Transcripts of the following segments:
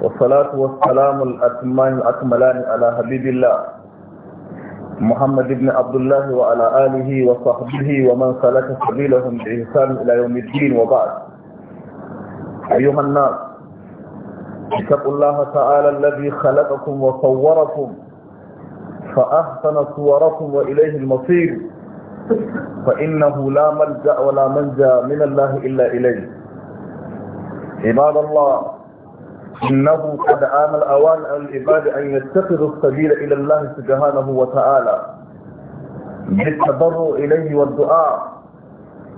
والصلاة والسلام الأتمان أكملان على حبيب الله محمد بن عبد الله وعلى آله وصحبه ومن سلك سبيلهم بإحسان إلى يوم الدين وبعد أيها الناس اتقوا الله تعالى الذي خلقكم وصوركم فأحسن صوركم وإليه المصير فإنه لا ملجأ ولا منجا من الله إلا إليه عباد الله إنه قد آن الأوان على العباد أن يتخذوا السبيل إلى الله سبحانه وتعالى بالتضرع إليه والدعاء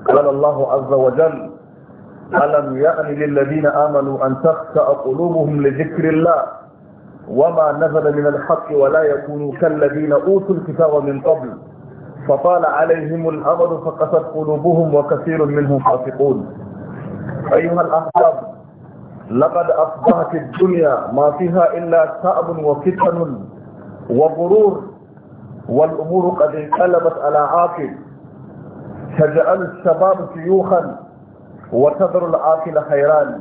قال الله عز وجل ألم يأن للذين آمنوا أن تخشى قلوبهم لذكر الله وما نزل من الحق ولا يكونوا كالذين أوتوا الكتاب من قبل فطال عليهم الأمر فقست قلوبهم وكثير منهم فاسقون أيها الأحباب لقد أصبحت الدنيا ما فيها إلا تأب وفتن وغرور والأمور قد انقلبت على عاقل تجعل الشباب شيوخا وتذر العاقل حيران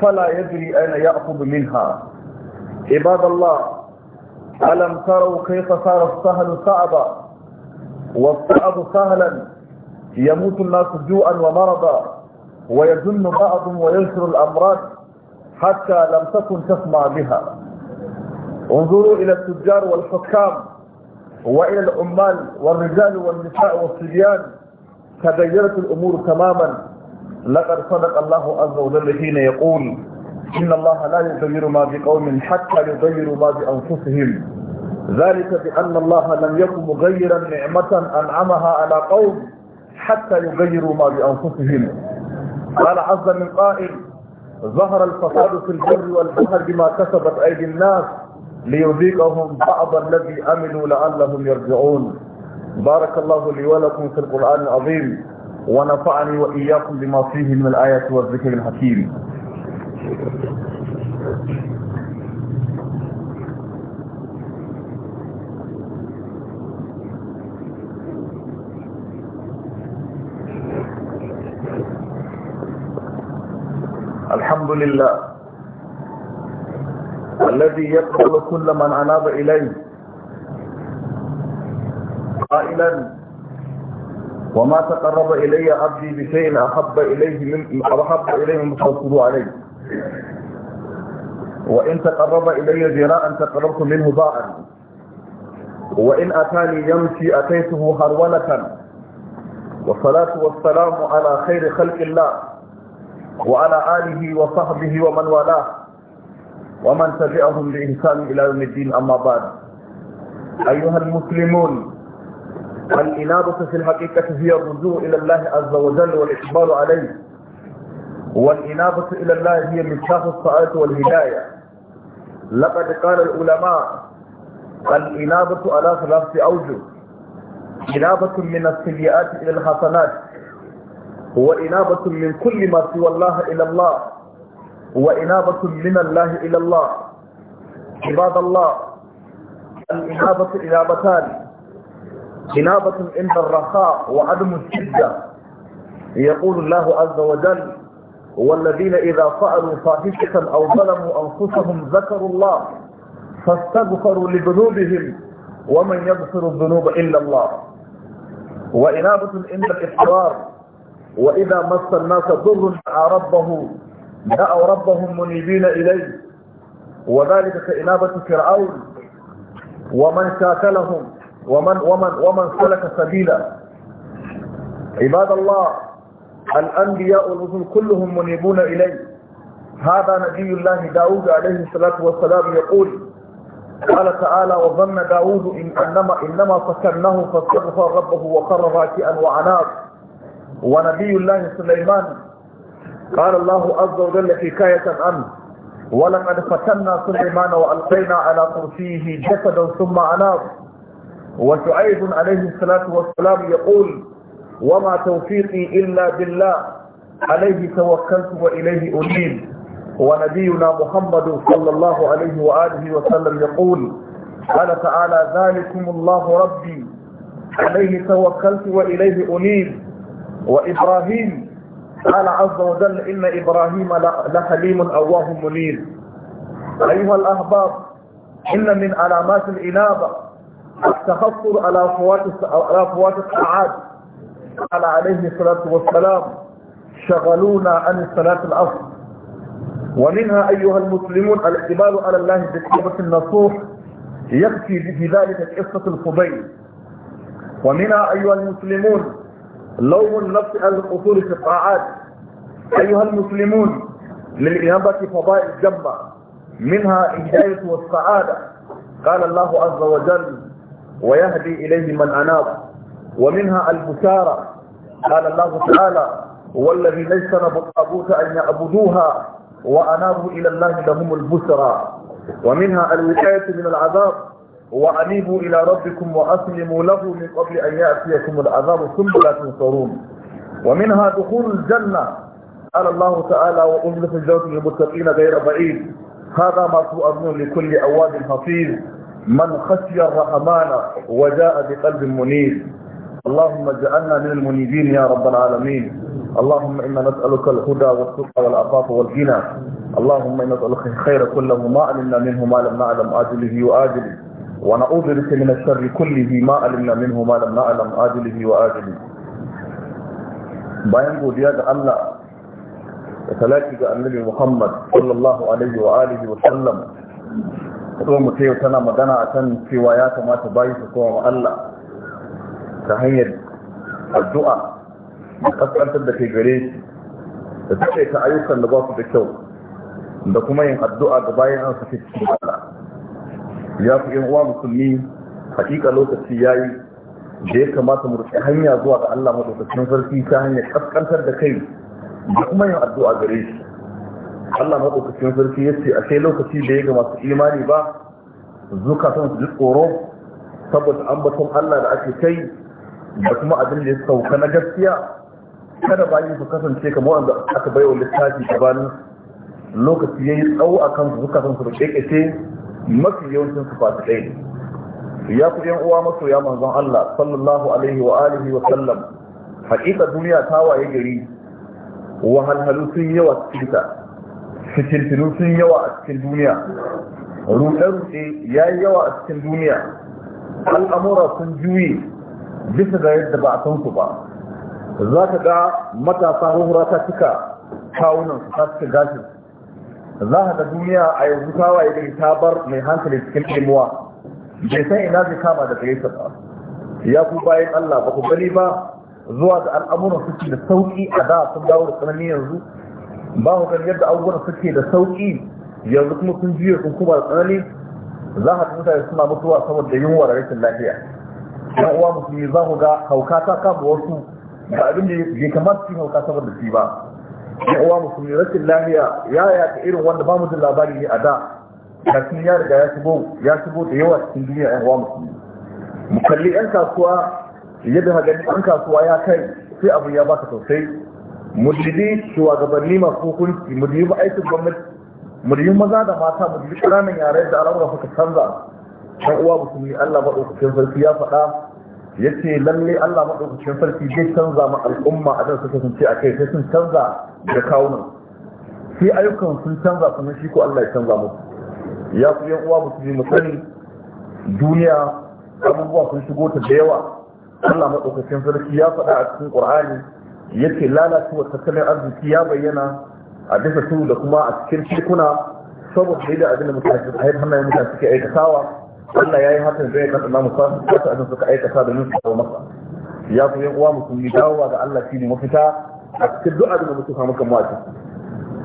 فلا يدري أين يأخذ منها عباد الله ألم تروا كيف صار السهل صعبا والصعب سهلا يموت الناس جوعا ومرضا ويزن بعض وينشر الأمراض حتى لم تكن تسمع بها انظروا إلى التجار والحكام وإلى العمال والرجال والنساء والصبيان تغيرت الأمور تماما لقد صدق الله عز وجل حين يقول إن الله لا يغير ما بقوم حتى يغيروا ما بأنفسهم ذلك بأن الله لم يكن مغيرا نعمة أنعمها على قوم حتى يغيروا ما بأنفسهم قال عز من قائل ظهر الفساد في البر والبحر بما كسبت أيدي الناس ليذيقهم بعض الذي أمنوا لعلهم يرجعون بارك الله لي ولكم في القرآن العظيم ونفعني وإياكم بما فيه من الآيات والذكر الحكيم الحمد لله الذي يقبل كل من أناب إليه قائلا وما تقرب إلي عبدي بشيء أحب إليه من أحب إليه من عليه وإن تقرب إلي ذراعا تقربت منه باعا وإن أتاني يمشي أتيته هرولة والصلاة والسلام على خير خلق الله وعلى آله وصحبه ومن والاه ومن تبعهم بإحسان إلى يوم الدين أما بعد أيها المسلمون الإنابة في الحقيقة هي الرجوع إلى الله عز وجل والإقبال عليه والإنابة إلى الله هي مفتاح السعادة والهداية لقد قال العلماء الإنابة على ثلاث أوجه إنابة من السيئات إلى الحسنات وإنابة من كل ما سوى الله إلى الله وإنابة من الله إلى الله عباد الله الإنابة إنابتان إنابة عند الرخاء وعدم الشدة يقول الله عز وجل والذين إذا فعلوا فاحشة أو ظلموا أنفسهم ذكروا الله فاستغفروا لذنوبهم ومن يغفر الذنوب إلا الله وإنابة عند الإحرار وإذا مس الناس ضر دعا ربه دعوا ربهم منيبين إليه وذلك كإنابة فرعون ومن شاكلهم ومن, ومن, ومن سلك سبيلا عباد الله الأنبياء والرسل كلهم منيبون إليه هذا نبي الله داود عليه الصلاة والسلام يقول قال تعالى وظن داود إن أنما, إنما فكرناه فاستغفر ربه وقر راكئا وعناب ونبي الله سليمان قال الله عز وجل حكاية عنه ولقد فتنا سليمان وألقينا على كرسيه جسدا ثم أناب وشعيب عليه الصلاة والسلام يقول وما توفيقي إلا بالله عليه توكلت وإليه أنيب ونبينا محمد صلى الله عليه وآله وسلم يقول قال تعالى ذلكم الله ربي عليه توكلت وإليه أنيب وإبراهيم قال عز وجل إن إبراهيم لحليم أواه منير أيها الأحباب إن من علامات الإنابة التخطر على فوات الساعات قال عليه الصلاة والسلام شغلونا عن الصلاة الأصل ومنها أيها المسلمون الاعتماد على الله بكتابة النصوح يكفي بذلك قصة الفضيل ومنها أيها المسلمون لوم النفس على القصور في الطاعات أيها المسلمون للإهابة فضائل جبة منها الهداية والسعادة قال الله عز وجل ويهدي إليه من أناب ومنها البشارة قال الله تعالى والذي ليس الطاغوت أن يعبدوها وأنابوا إلى الله لهم البشرى ومنها الوقاية من العذاب وأنيبوا إلى ربكم وأسلموا له من قبل أن يأتيكم العذاب ثم لا تنصرون ومنها دخول الجنة قال الله تعالى وأزلف الجنة للمتقين غير بعيد هذا ما تؤمنون لكل أواب حفيظ من خشي الرحمن وجاء بقلب منيب اللهم اجعلنا من المنيبين يا رب العالمين اللهم إنا نسألك الهدى والتقى والعفاف والغنى اللهم إنا نسألك الخير كله ما علمنا منه ما لم نعلم آجله وآجله ونعوذ بك من الشر كله ما علمنا منه ما لم نعلم آجله وآجله bayan godiya ga Allah da talaki ga annabi Muhammad sallallahu alaihi wa alihi wa sallam kuma tana magana akan cewa ya kamata bayi su koma Allah ta hanyar addu'a da da gare da ayyukan da ba da kyau da kuma yin addu'a ga bayan an su cikin Allah ya fi yan uwa musulmi hakika lokaci ya yi da ya kamata mu riƙe hanya zuwa ga Allah madaukakin sarki ta hanyar kaskantar da kai da kuma yin addu'a gare shi Allah madaukakin sarki ya ce ashe lokaci da ya ga masu imani ba zukatan su ji tsoro saboda ambaton Allah da ake kai da kuma abin da ya sauka na gaskiya kada bayan su kasance kamar wanda aka wa littafi gabanin lokaci ya yi tsawo a kan zukatan su da ƙeƙece mafi yawancin su ɗaya ne ya ku yan uwa masoya manzon Allah sallallahu alaihi wa alihi wa sallam hakika duniya ta waye gari wahalhalu sun yawa cikin ta fitintinu sun yawa a cikin duniya ruɗe-ruɗe ya yi yawa a cikin duniya al'amura sun juye bisa ga yadda ba a san su ba za ka ga matasa ruhura ta cika kawunan su ta cika gashin za ka ga duniya a yanzu kawa waye gari ta bar mai hankali cikin ilmuwa bai san ina zai kama da gare ba ya ku bayan Allah ba ku gani ba zuwa da al'amuran suke da sauƙi a da sun dawo da tsanani yanzu ba ku gani yadda abubuwan suke da sauƙi yanzu kuma sun juya sun kuma da tsanani za ka mutane suna mutuwa saboda yunwa da rashin lafiya yan uwa musulmi za ku ga hauka ta kama wasu da abin da ya kamata su hauka saboda shi ba ya uwa musulmi rashin lafiya ya yaɗa irin wanda ba mu jin labari ne a da kafin ya riga ya shigo da yawa cikin duniya yan uwa musulmi mu kalli yan kasuwa yadda ha gani an kasuwa ya kai sai abu ya baka sosai mu didi shugabanni masu hukunci mudidi ba aikin gwamnati mudidi maza da mata mudidi didi ƙananan yare da al'amura suka canza yan uwa musulmi Allah maɗaukakin sarki ya faɗa ya ce lalle Allah maɗaukacin sarki zai canza ma al'umma a dan suka sunce a kai sai sun canza da nan. sai ayyukan sun canza sannan shi ko Allah ya canza musu ya ku yan uwa musulmi mu sani duniya abubuwa sun shigo ta da yawa Allah maɗaukacin sarki ya faɗa a cikin Qur'ani yace lalacewa tattalin arziki ya bayyana a bisa su da kuma a cikin cikuna saboda da abin da mutane su haifar hannayen mutane suke aikatawa Allah ya yi hakan zai kasa namu sa kasa abin suka aikata da nufi kawo masa ya ku yan uwa musulmi dawowa ga Allah shi ne mafita a cikin du'a da muke samu kan wace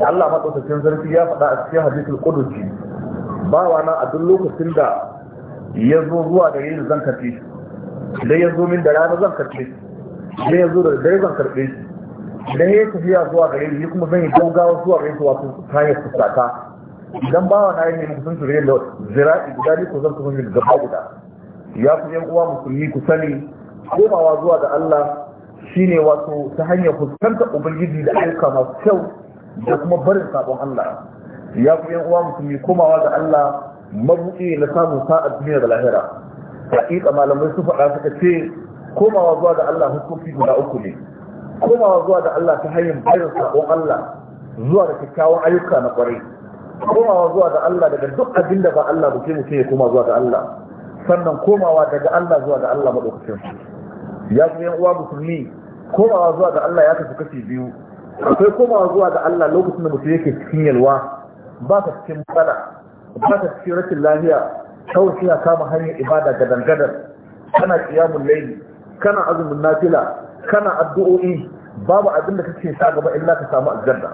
Allah ma madaukakin zarfi ya faɗa a cikin hadisul qudusi bawa na a duk lokacin da ya zo zuwa da yin zan karɓe shi idan ya zo min da rana zan karɓe shi idan ya zo da dare zan karɓe shi idan ya tafiya zuwa gare ni kuma zan yi gaugawa zuwa gare shi wato hanyar fuskata idan bawa na yi muku kusan turiya da zira'i guda ne ko zan kuma da gaba guda ya ku yan uwa musulmi ku sani komawa zuwa da Allah shine wato ta hanyar fuskantar ubangiji da ayyuka masu kyau da kuma barin sabon Allah ya ku yan uwa musulmi komawa da Allah mabuɗi na samun sa'a duniya da lahira hakika malamai su faɗa suka ce komawa zuwa da Allah hukunci guda uku ne komawa zuwa da Allah ta hanyar barin sabon Allah zuwa da kyakkyawan ayyuka na kwarai komawa zuwa ga Allah daga duk abin da ba Allah ba sai mutum ya koma zuwa ga Allah sannan komawa daga Allah zuwa ga Allah madaukakin ya kuma yan uwa musulmi komawa zuwa ga Allah ya kasu kashi biyu akwai komawa zuwa ga Allah lokacin da mutum yake cikin yalwa ba ka cikin matsala ba ka cikin rashin lafiya kawai suna kama hanyar ibada ga dangadar kana kiyamun laili kana azumin nafila kana addu'o'i babu abin da kake sa gaba illa ka samu aljanna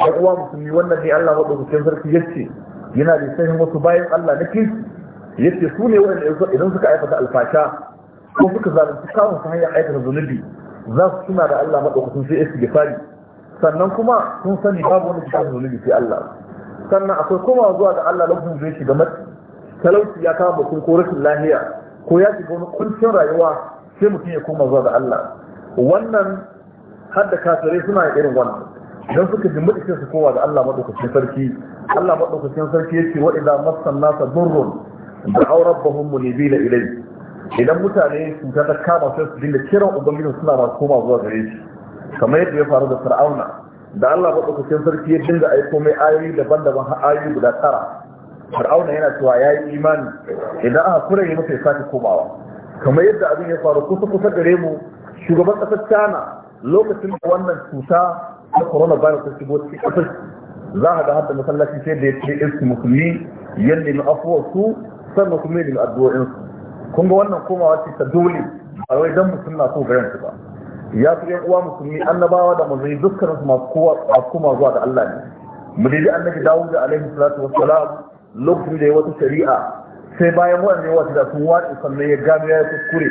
a uwa musulmi wannan ne Allah wadda sarki sarki ce, yana da sanin wasu bayan Allah na ya yace su ne waɗanda idan suka aikata alfasha ko suka zalunci kawun su hanyar aikata zunubi za su tuna da Allah maɗaukacin sai fari, sannan kuma sun sani babu wani cikin zunubi sai Allah sannan akwai komawa zuwa da Allah lokacin zai shiga mat talauci ya kama mutum ko rashin lahiya ko ya shiga wani kuncin rayuwa sai mutum ya koma zuwa da Allah wannan hadda da kafirai suna irin wannan don suka ji mutuncin su kowa da Allah madaukakin sarki Allah maɗaukacin sarki yace wa idza massan nasa durrun da'aw rabbahum munibina ilayhi idan mutane sun ta kama sai su dinga kiran ubangiji suna masu koma zuwa gare shi kamar yadda ya faru da fir'auna da Allah madaukakin sarki ya dinga aiko mai ayoyi daban-daban har ayoyi guda tara fir'auna yana cewa yayi imani idan aka kure ya masa ya sake komawa kamar yadda abin ya faru kusa kusa gare mu shugaban kasar Cana lokacin da wannan cuta ta corona virus ta shigo cikin ƙasar za a ga hadda masallaci sai da ya ce irin musulmi yadda mai afuwa su sannan kuma yadda addu'o'insu kun ga wannan komawa ce ta dole a wai dan mutum na so garin su ba ya fi yan uwa musulmi annabawa da manzanni dukkanin su masu kowa a kuma zuwa da Allah ne mu dai annabi Dawud alaihi salatu wassalam lokacin da ya wata shari'a sai bayan wannan ya wata da sun wace sannan ya gano ya kuskure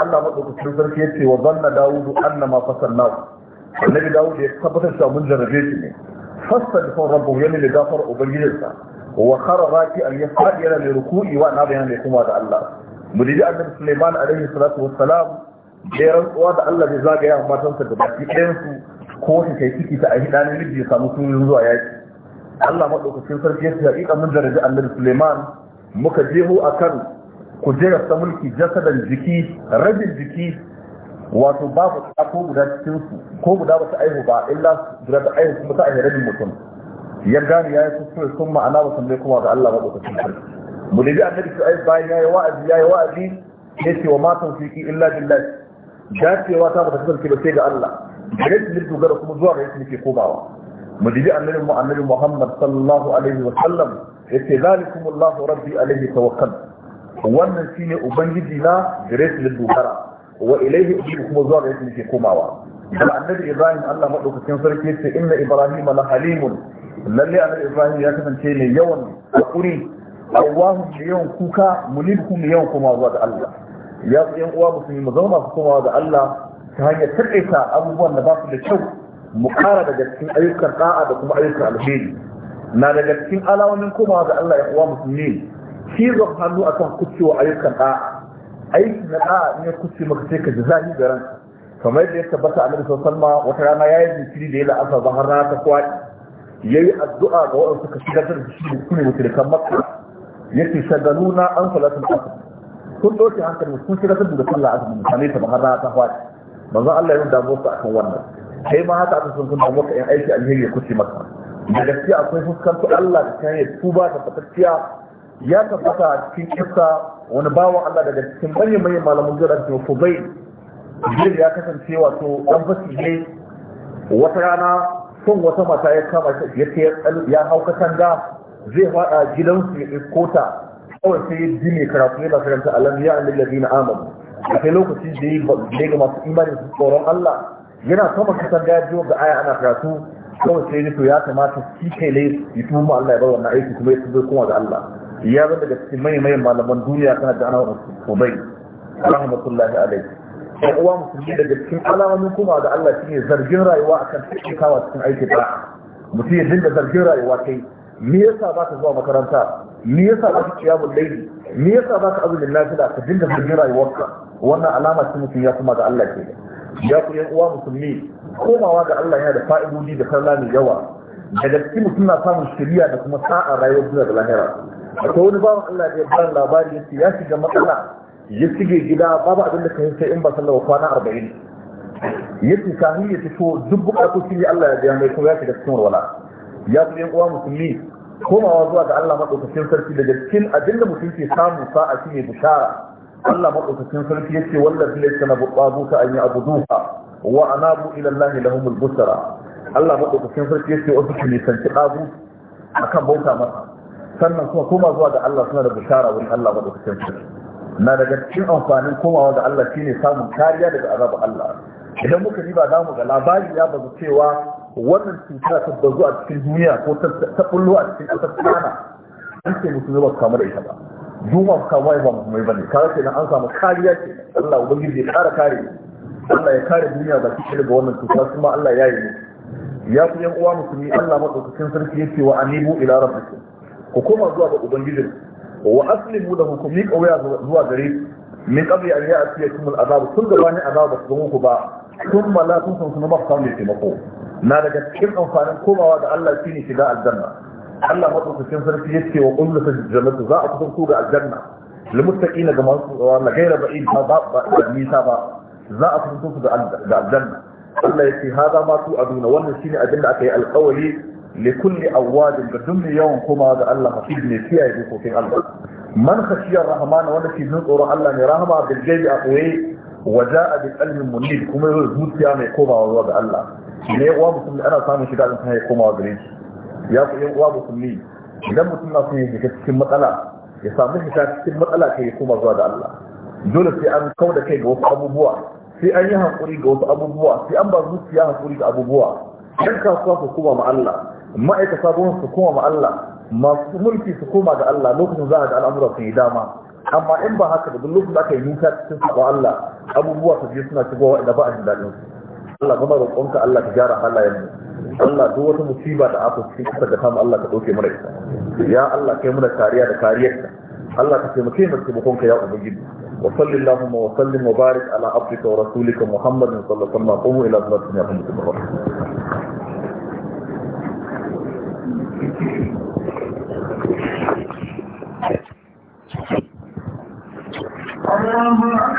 Allah madaukakin sarki ce wa zanna Dawudu annama fasalnahu annabi dawud ya tabbatar da mun jarrabe shi ne fasta da son rabbu yana da gafar ubangijinsa wa kharara ki an yafadi yana da ruku'i wa na bayan da kuma da Allah mudidi annabi Sulaiman alaihi salatu wassalam da rantsuwa da Allah zai zagaya matansa da baki ɗayan su ko shi kai ciki ta ahi dan miji ya samu sunan zuwa yaki Allah madaukakin sarki ya haƙiƙa mun jarrabe annabi Sulaiman muka jeho akan kujerar ta mulki jasadan jiki rabin jiki wato babu ta ko guda cikin su ko guda ba su aihu ba illa guda ta aihu kuma ta aihu rabin mutum ya gane ya yi kuskure sun ma'ana ba san kuma ga Allah ba ko ta kuskure mu da bi annabi su aihu bayan ya yi wa'azi ya yi wa'azi ya ce wa matan su yi illa billahi dacewa ta ba ta kasance ba sai ga Allah gare su ne dogara kuma zuwa ga yake ke komawa mu da bi annabi mu annabi Muhammad sallallahu alaihi wa sallam ya ce, yace zalikumullahu rabbi alaihi tawakkal wannan shine ubangiji na gare su dogara wa ilaihi ujibu kuma zuwa ga yake nake komawa dan annabi ibrahim Allah madaukakin sarki yace inna ibrahim la halimun lalle annabi ibrahim ya kasance ne yawan hakuri Allahu ne yawan kuka munibku ne yawan komawa zuwa ga Allah ya ku yan uwa musulmi mu zama ku komawa ga Allah ta hanyar takaita abubuwan da ba su da kyau mu kara daga cikin ayyukan da'a da kuma ayyukan alheri na daga cikin alamomin komawa ga Allah ya uwa musulmi cizon hannu akan kucewa ayyukan da'a aiki na da'a in ya kuce maka sai ka ji zafi ga ranka kamar yadda ya tabbata a nabi Salma, wata rana ya yi zikiri da ya la'asa ba har rana ta kwaɗi ya yi addu'a ga waɗanda suka shigar da shi da kuma mutulikan makka ya ce shagaluna an salatin asir Kun ɗauke hankali sun shigar da sallah asir mutane ta ba har rana ta kwaɗi manzon Allah ya damu su akan wannan kai ma haka aka sun sun damu ka yan aiki alheri ya kuce maka da gaskiya akwai fuskantar Allah da kayan tuba da fatacciya ya tabbata a cikin kissa wani bawan Allah daga cikin manyan manyan malamin jira da Fubai jir ya kasance wato dan fasi ne wata rana son wata mata ya kama ya ce ya hau katanga zai fada gidansu ya iskota kawai sai ji mai karatu yana karanta alam ya annabi na amanu a kai lokacin da ya yi ga masu imanin su tsoron Allah yana sama katanga ya jiwa ga aya ana karatu kawai sai ya to ya kamata shi kai ne ya tuma Allah ya bar wannan aiki kuma ya tuzo kuma ga Allah ya zama daga cikin maimayin malaman duniya kan hajji ana wani kubai rahmatullahi alaihi ɗan uwa musulmi daga cikin alamomin kuma da Allah shi ne zargin rayuwa akan taimakawa cikin aiki ba mutum ya dinga zargin rayuwa kai me yasa ba ka zuwa makaranta me yasa ba ka kiyamun laili me yasa ba ka azumin lafiya ka dinga zargin rayuwarka wannan alama ce mutum ya kuma ga Allah ke ya ku yan uwa musulmi komawa ga Allah yana da fa'idodi da kalla mai yawa daga cikin mutum na samun shiriya da kuma sa'a rayuwar da lahira akwai wani bawan Allah da ya bayar labari yace ya shiga matsala ya shige gida babu abin da kai sai in ba sallah kwana 40 yace kafin ya fito duk bukatu shi Allah ya biya mai kuma ya shiga cikin warwala. ya fi yan uwa musulmi komawa zuwa ga Allah madaukakin sarki daga cikin abin da mutum ke samu sa'a shine bishara Allah madaukakin sarki yace wallahi laysa nabuqabuka an ya'buduka wa anabu ila Allah lahumul busra Allah madaukakin sarki yace wasu ne sanci dabu akan bauta masa sannan kuma koma zuwa ga Allah suna da bishara wurin Allah ba da kusurci na daga cikin amfanin komawa ga Allah shine samun kariya daga azabar Allah idan muka riba za mu ga labari ya bazu cewa wannan cuta ta bazu a cikin duniya ko ta bullo a cikin ƙasar China an ce musu zuba da ita ba duma kamar ba mu mai bane kaga kenan an samu kariya ce Allah ubangiji ya kara kare Allah ya kare duniya ba cikin daga wannan cuta kuma Allah ya yi ya ku yan uwa musulmi Allah madaukakin sarki yake wa anibu ila rabbikum ku koma zuwa ga ubangijin wa aslimu lahu ku miƙa wuya zuwa gare min qabli an ya'tiyakum al'azab tun gabanin azab su zo ku ba kun mala kun san kuma ba ku taimako na daga cikin amfanin komawa da Allah shine shiga aljanna Allah madaukakin sarki yace wa kullu Jannatu za a kusanto ga aljanna للمتقين كما والله غير بعيد ba nisa ba za a kusanto su da aljanna Allah yace hada ma tu aduna wannan shine abinda aka yi alƙawari likulli awwadin ga dukkan yawan kuma ga Allah hafiz ne kiyaye dokokin Allah man khashiyar rahman wanda ke jin tsoron Allah ne rahama bil gaibi a koye waja'a bi qalbi munib kuma yau zuciya mai komawa zuwa ga Allah ne uwa musulmi ana samun shiga da sai komawa gare shi ya ku yan uwa musulmi idan mutum na son ya cikin matsala ya samu shiga cikin matsala kai ya koma zuwa ga Allah dole sai an kauda kai ga wasu abubuwa sai an yi hakuri ga wasu abubuwa sai an ba zuciya hakuri ga abubuwa yan kasuwa ku kuma ma Allah ma'aikata gwamnati su koma ma Allah masu mulki su koma ga Allah lokacin za a ga al'amura sun yi dama amma in ba haka da lokacin da aka yi nuka cikin sabon Allah abubuwa su je suna shigowa da ba a jin daɗin su Allah kuma roƙonka Allah ka gyara halayen mu Allah duk wata musiba da aka cikin kasar da kama Allah ka ɗauke mana ita ya Allah kai mana kariya da kariyarka Allah ka taimake mu taimakonka ya ubangiji وصل اللهم وسلم وبارك على عبدك ورسولك محمد صلى الله عليه وسلم قوموا الى صلاتكم يا رب Allah'a emanet